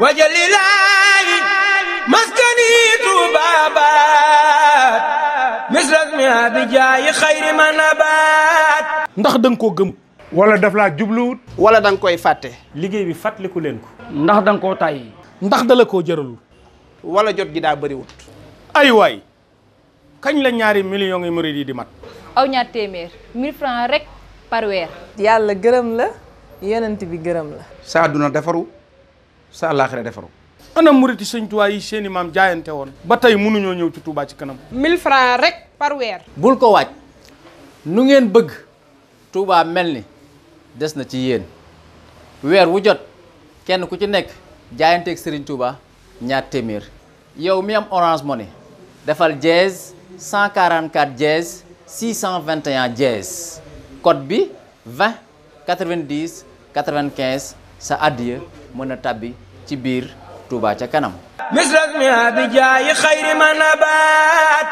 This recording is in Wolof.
wajalilaayi maskani tuubaabaat misras mi ndax da nga koo gëm wala daf laa jubluwut wala da koy fàtte liggéey bi fàttaliku leen ko ndax danga nga koo tàyyi ndax dala koo jëralu wala jot gi daa bëriwut ay waay kañ la ñaari millions yi murid yi di mag aw ñaar téeméer mille francs rek par yàlla gërëm la yonent bi gërëm la saa defaru sa àllaaxira defaru ana muriti sëñ Tuubaa yi seeni maam jaayante woon ba tey mënuñoo ñëw ci Touba ci kanam 1000 francs rek par weer bul ko waaj nu ngeen bëgg Touba mel ni des na ci yéen weer wu jot kenn ku ci nekk jaayanteeg Serigne Touba ñaar téeméer yow mi am Orange Money defal cent dièse 144 dièse 621 dièse code bi 20 90 95 sa addiya mën a tàbbi ci biir tuuba ca kanam misrasmia bi jaayi xayri ma nabaat